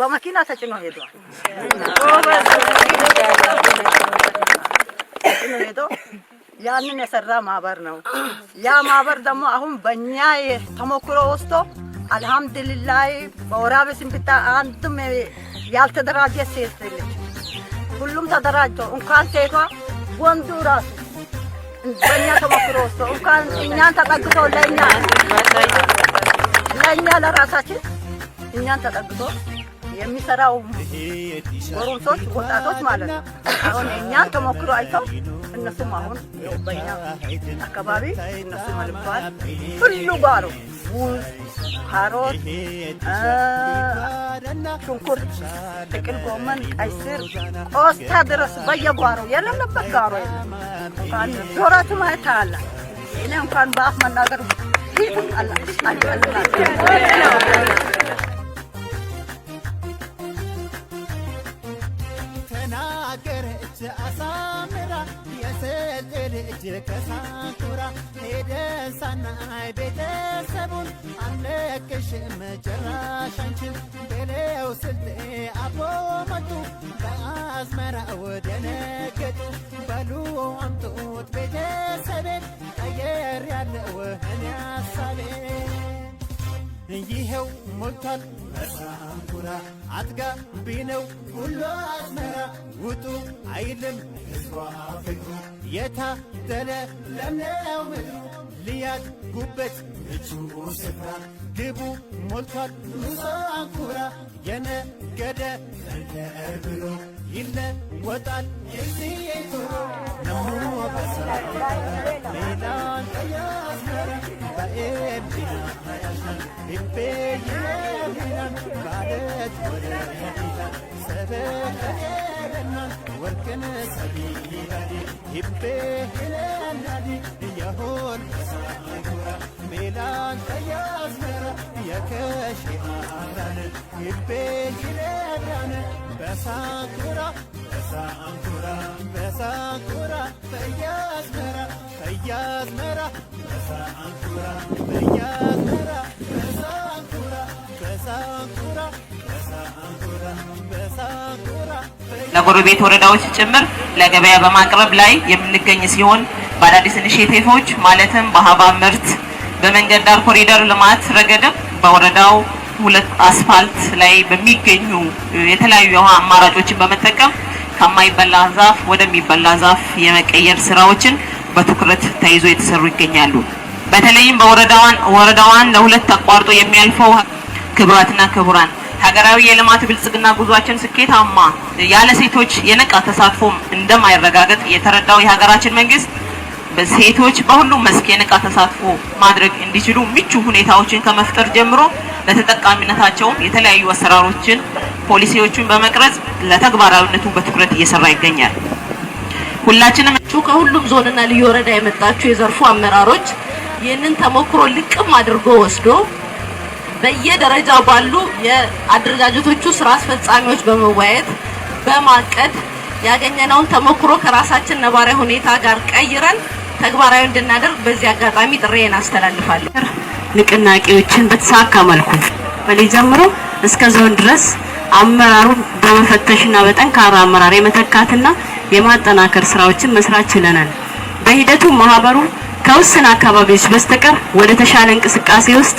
በመኪና ተጭኖ ሄዷል። ተጭኖ ሄዶ ያንን የሰራ ማህበር ነው። ያ ማህበር ደግሞ አሁን በእኛ ተሞክሮ ወስዶ አልሐምድሊላህ በወራቤ ስንብታ አንድም ያልተደራጀ ሴት የለች። ሁሉም ተደራጅቶ እንኳን ሴቷ ወንዱ ራሱ በእኛ ተሞክሮ ወስዶ እንኳን እኛን ተጠግቶ ለእኛ ለእኛ ለራሳችን እኛን ተጠግቶ የሚሰራው ጎረምሶች፣ ወጣቶች ማለት ነው። አሁን እኛን ተሞክሮ አይተው እነሱም አሁን በኛ አካባቢ እነሱ መልባል ሁሉ ጋሩ ሙዝ፣ ካሮት፣ ሽንኩርት፣ ጥቅል ጎመን፣ ቀይ ስር፣ ቆስታ ድረስ በየጓሮ የሌለበት ጋሮ እንኳን ዞራችሁ ማየት አለ እኔ እንኳን በአፍ መናገር ፊትም አላ አሳምራ የስልጤ ልጅ ከሳንኩራ ሄደሳናይ ቤተሰቡን አለቅሽም ጭራሽ አንቺን ገሌው ስልጤ አቦ መጡ በአዝመራ ወደነገጡ በሉ አምጡት ቤተሰቤን ቀየር ያለው እኔ ሀሳቤን ይኸው ሞልቷል በሳንኩራ አትጋቢ ነው ሁሉ አዝመራ የለም የታደለ ለምለናው ምድሩ ልያድጉበት ምቹ ስፍራ ግቡ ሞልቷል ንጹሐን ኩራ የነገደ ብሎ ይለወጣል የዚህ ኑሮ ነሞ በሰላም ሌላን ቀያስመረ በኤምቢና ይቤ ይሚናን ማለት ወደ በሳንኩራ ለጎረቤት ወረዳዎች ጭምር ለገበያ በማቅረብ ላይ የምንገኝ ሲሆን በአዳዲስ ኢኒሼቲቮች ማለትም በሀባ ምርት በመንገድ ዳር ኮሪደር ልማት ረገድም በወረዳው ሁለት አስፋልት ላይ በሚገኙ የተለያዩ የውሃ አማራጮችን በመጠቀም ከማይበላ ዛፍ ወደሚበላ ዛፍ የመቀየር ስራዎችን በትኩረት ተይዞ የተሰሩ ይገኛሉ። በተለይም በወረዳዋን ለሁለት አቋርጦ የሚያልፈው ክቡራትና ክቡራን ሀገራዊ የልማት ብልጽግና ጉዟችን ስኬታማ ያለ ሴቶች የነቃ ተሳትፎም እንደማይረጋገጥ የተረዳው የሀገራችን መንግስት ሴቶች በሁሉም መስክ የነቃ ተሳትፎ ማድረግ እንዲችሉ ምቹ ሁኔታዎችን ከመፍጠር ጀምሮ ለተጠቃሚነታቸውም የተለያዩ አሰራሮችን፣ ፖሊሲዎችን በመቅረጽ ለተግባራዊነቱ በትኩረት እየሰራ ይገኛል። ሁላችንም ከሁሉም ዞንና ልዩ ወረዳ የመጣችሁ የዘርፉ አመራሮች ይህንን ተሞክሮ ልቅም አድርጎ ወስዶ በየደረጃው ባሉ የአደረጃጀቶቹ ስራ አስፈጻሚዎች በመወያየት በማቀድ ያገኘነውን ተሞክሮ ከራሳችን ነባራዊ ሁኔታ ጋር ቀይረን ተግባራዊ እንድናደርግ በዚህ አጋጣሚ ጥሬን አስተላልፋለሁ። ንቅናቄዎችን በተሳካ መልኩ በሌ ጀምሮ እስከ ዞን ድረስ አመራሩ በመፈተሽና በጠንካራ አመራር የመተካትና የማጠናከር ስራዎችን መስራት ችለናል። በሂደቱ ማህበሩ ከውስን አካባቢዎች በስተቀር ወደ ተሻለ እንቅስቃሴ ውስጥ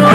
He?